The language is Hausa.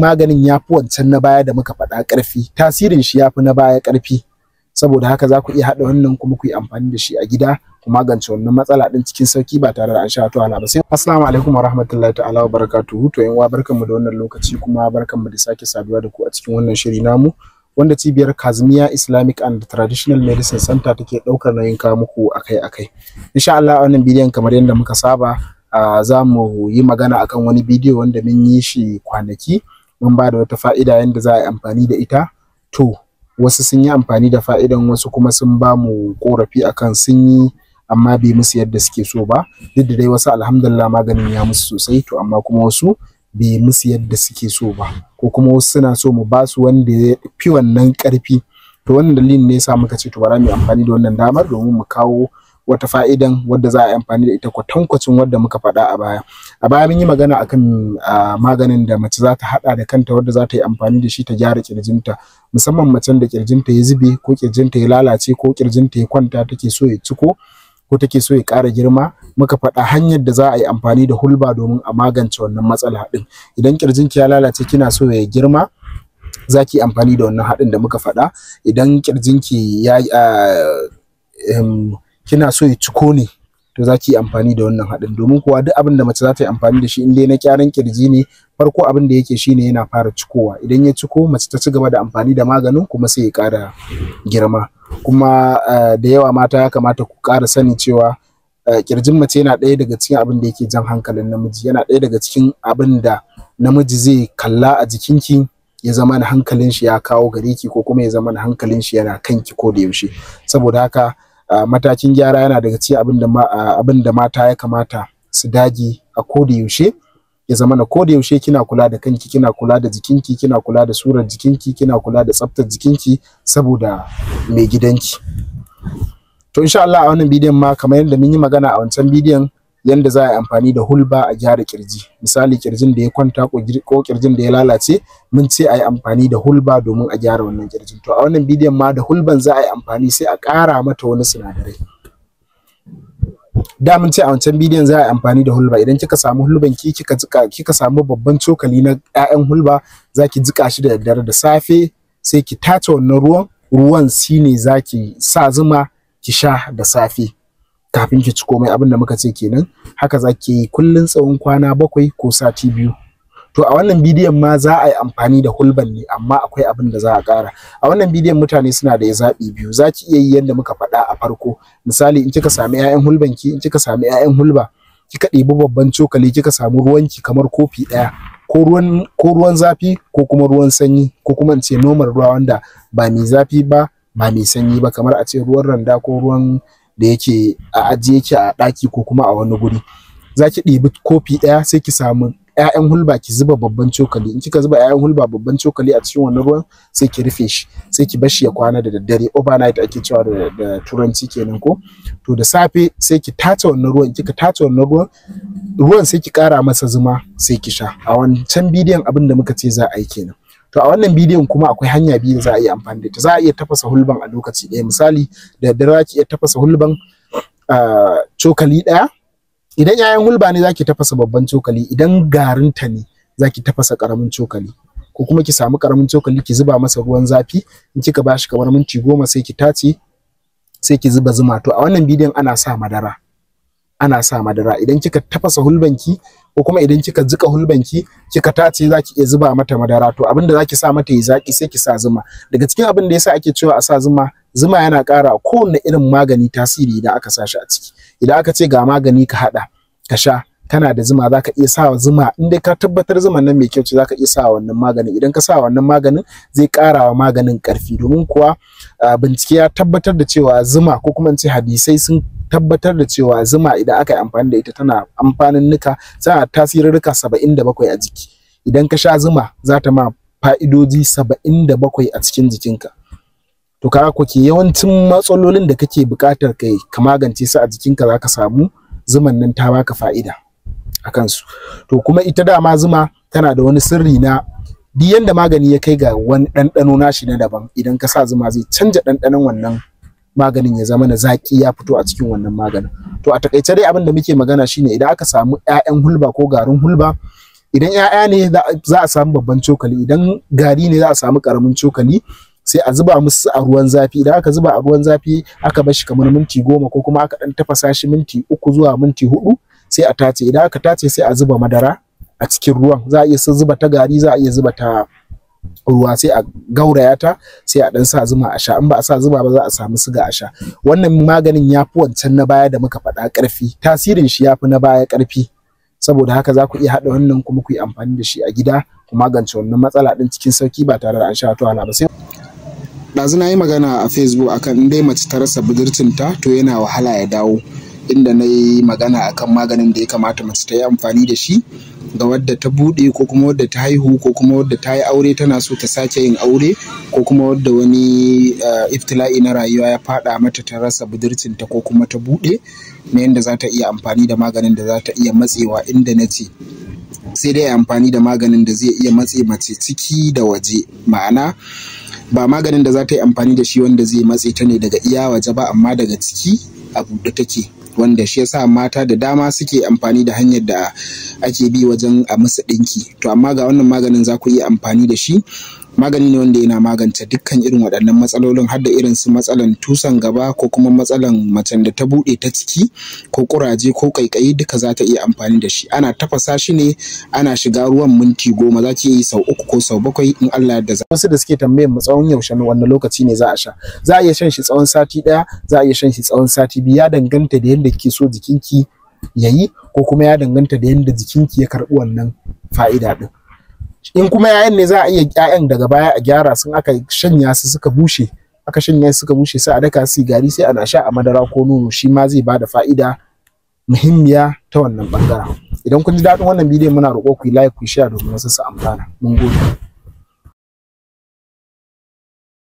maganin ya fi wancan na baya da muka faɗa ƙarfi tasirin shi ya fi na baya ƙarfi saboda haka za ku iya haɗa wannan kuma ku yi amfani da shi a gida ku magance wannan matsala ɗin cikin sauki ba tare da an sha wahala ba sai assalamu alaikum warahmatullahi ta'ala wa barakatuhu to yan uwa barkanmu da wannan lokaci kuma barkanmu da sake saduwa da ku a cikin wannan shiri namu wanda cibiyar Kazmiya Islamic and Traditional Medicine Center take ɗaukar nauyin kawo muku akai-akai insha Allah a wannan bidiyon kamar yadda muka saba ah, za mu yi magana akan wani bidiyo wanda mun yi shi kwanaki mun ba da wata fa'ida yadda za a yi amfani da ita to wasu sun yi amfani da fa'idan wasu kuma sun ba mu korafi akan sun yi amma bai musu yadda suke so ba duk da dai wasu alhamdulillah maganin ya musu sosai to amma kuma wasu bai musu yadda suke so ba ko kuma wasu suna so mu ba su wanda ya fi wannan karfi to wannan dalilin ne sa muka ce to bara mu amfani da wannan damar domin mu kawo wata fa'idan wadda za a yi amfani da ita kwatankwacin wadda muka faɗa a baya a baya mun yi magana akan maganin da mace za ta haɗa da kanta wadda za ta yi amfani da shi ta gyara kirjinta musamman macen da kirjinta ya zube ko kirjinta ya lalace ko kirjinta ya kwanta take so ya ciko ko take so ya ƙara girma muka faɗa hanyar da za a yi amfani da hulba domin a magance wannan matsala ɗin idan kirjinki ya lalace kina so ya girma za ki amfani da wannan haɗin da muka faɗa idan kirjinki ya kina so ya ciko ne to za ki yi amfani da wannan haɗin domin kuwa duk abin da mace za ta yi amfani da shi in dai na kyaran kirji ne farko abin da yake shine yana fara cikowa idan ya ciko mace ta ci gaba da amfani da maganin kuma sai ya kara girma kuma eh, da yawa mata ya kamata ku kara sani cewa kirjin eh, mace yana ɗaya daga cikin abin da yake jan hankalin namiji yana ɗaya daga cikin abin da namiji zai kalla a jikinki ya zama na hankalin shi ya kawo gare ki ko kuma ya zama na hankalin shi yana kanki ko da yaushe saboda haka matakin gyara yana daga cikin abin da mata ya kamata su dage a koda yaushe ya zama na koda yaushe kina kula da kanki kina kula da jikinki kina kula da surar jikinki kina kula da tsaftar jikinki saboda mai gidanki to insha Allah a wannan bidiyon ma kamar yadda mun yi magana a wancan bidiyon yanda za a yi amfani da hulba a gyara kirji misali kirjin da ya kwanta ko kirjin da ya lalace mun ce a yi amfani da hulba domin a gyara wannan kirjin to a wannan bidiyon ma da hulban za a yi amfani sai a ƙara mata wani sinadarai da mun ce a wancan bidiyon za a yi amfani da hulba idan kika samu hulban ki kika jika kika samu babban cokali na ƴaƴan hulba zaki jika shi da daddare da safe sai ki tace wannan ruwan ruwan shine za ki sa zuma ki sha da safe kafin ki ci komai abin da muka ce kenan haka za ki yi kullun tsawon kwana bakwai ko sati biyu to a wannan bidiyon ma za a yi amfani da hulban ne amma akwai abin da za a kara? a wannan bidiyon mutane suna da zaɓi biyu za ki iya yi yadda muka faɗa a farko misali in kika sami ƴaƴan hulban ki in kika sami ƴaƴan hulba kika ɗebi babban cokali kika samu ruwanki kamar kofi ɗaya ko ruwan ko ruwan zafi ko kuma ruwan sanyi ko kuma in ce normal ruwa wanda ba mai zafi ba ba mai sanyi ba kamar a ce ruwan randa ko ruwan da yake a ajiye ki a ɗaki ko kuma a wani guri za ki ɗibi kofi ɗaya sai ki samu ƴaƴan hulba ki zuba babban cokali in kika zuba ƴaƴan hulba babban cokali a cikin wannan ruwan sai ki rufe shi sai ki bashi ya kwana da daddare overnight ake cewa da, turanci kenan ko to da safe sai ki tace wannan ruwan kika tace wannan ruwan ruwan sai ki kara masa zuma sai ki sha a wancan bidiyon abin da muka ce za a yi kenan to a wannan bidiyon kuma akwai hanya biyu za a iya amfani da ita za a iya tafasa hulban a lokaci ɗaya misali da daddare za ki iya tafasa hulban cokali ɗaya idan 'ya'yan hulba ne za ki tafasa babban cokali idan garin ta ne za ki tafasa ƙaramin cokali ko kuma ki samu ƙaramin cokali ki zuba masa ruwan zafi in kika bashi kamar minti goma sai ki tace sai ki zuba zuma to a wannan bidiyon ana sa madara ana sa madara idan kika tafasa hulbanki ko kuma idan kika jika hulbanki kika tace zaki iya zuba mata madara to abin da zaki sa mata yi zaki sai ki sa zuma daga cikin abin da yasa ake cewa a sa zuma zuma yana ƙara kowanne irin magani tasiri idan aka sa a ciki idan aka ce ga magani ka haɗa ka sha kana da zuma zaka iya sa zuma in dai ka tabbatar zuma nan mai kyau ce zaka iya sa wannan maganin idan ka sa wannan maganin zai ƙara wa maganin ƙarfi domin kuwa ah, bincike ya tabbatar da cewa zuma ko kuma in ce hadisai sun tabbatar da cewa zuma idan aka yi amfani da ita tana amfanin nuka tana tasirirrika 77 a jiki idan ka sha zuma za ta ma fa'idoji 77 a cikin jikinka to kaga ko ke yawancin matsalolin da kake buƙatar kai ka magance su a jikinka za ka samu zuman nan ta baka fa'ida a kansu to kuma ita dama zuma tana da wani sirri na duk yanda magani ya kai ga wani ɗanɗano nashi na daban idan ka sa zuma zai canja ɗanɗanon wannan maganin ya zama na zaki ya fito a cikin wannan maganin to a takaice dai abin da muke magana shine idan aka samu ƴaƴan hulba ko garin hulba idan ƴaƴa ne za a samu babban cokali idan gari ne za a samu karamin cokali sai a zuba musu a ruwan zafi idan aka zuba a ruwan zafi aka bar shi kamar minti goma ko kuma aka dan tafasa shi minti uku zuwa minti hudu sai a tace idan aka tace sai a zuba madara a cikin ruwan za a iya zuba ta gari za a iya zuba ta ruwa sai a gauraya ta sai a dan sa zuma a sha in ba a sa zuma ba za a samu siga a sha wannan maganin ya fi wancan na baya da muka faɗa ƙarfi tasirin shi ya fi na baya ƙarfi saboda haka za ku iya haɗa wannan kuma ku yi amfani da shi a gida ku magance wannan matsala ɗin cikin sauki ba tare da an sha wata wahala ba sai ɗazu na yi magana a facebook akan in dai mace ta rasa budurcinta to yana wahala ya dawo inda na yi magana akan maganin da ya kamata mace ta yi amfani da shi ga wadda ta buɗe ko kuma wadda ta haihu ko kuma wadda ta yi aure tana so ta sake yin aure ko kuma wadda wani eh, iftila'i na rayuwa ya faɗa mata ta rasa budurcinta ko kuma ta buɗe na yadda za ta iya amfani da maganin da za ta iya matsewa inda na ce sai dai amfani da maganin da zai iya matse mace ciki da waje ma'ana ba maganin da za ta yi amfani da shi wanda zai matse ta ne daga iya waje ba amma daga ciki a buɗe take wanda shi yasa mata da dama suke amfani da hanyar da ake bi wajen a musu ɗinki to amma ga wannan maganin za ku iya amfani da shi magani ne wanda yana magance dukkan irin waɗannan matsalolin har da irin su matsalan tusan gaba ko kuma matsalan macen da ta buɗe ta ciki ko kuraje ko kaikayi duka za ta iya amfani da shi ana tafasa shi ne ana shiga ruwan minti goma za ki yi sau uku ko sau bakwai in Allah yarda za wasu da suke tambayar mu tsawon yaushe ne wannan lokaci ne za a sha za a iya shan shi tsawon sati ɗaya za a iya shan shi tsawon sati biyu ya danganta da yadda kike so jikinki ya yi ko kuma ya danganta da yadda jikinki ya karɓi wannan fa'ida ɗin in kuma yayan ne za a iya yayan daga baya a gyara sun aka shanya su suka bushe aka shanya su suka bushe sai a daka su gari sai ana sha a madara ko nono shi ma zai bada fa'ida muhimmiya ta wannan bangaren idan kun ji daɗin wannan bidiyon muna roƙo ku yi like ku share domin wasu su amfana mun gode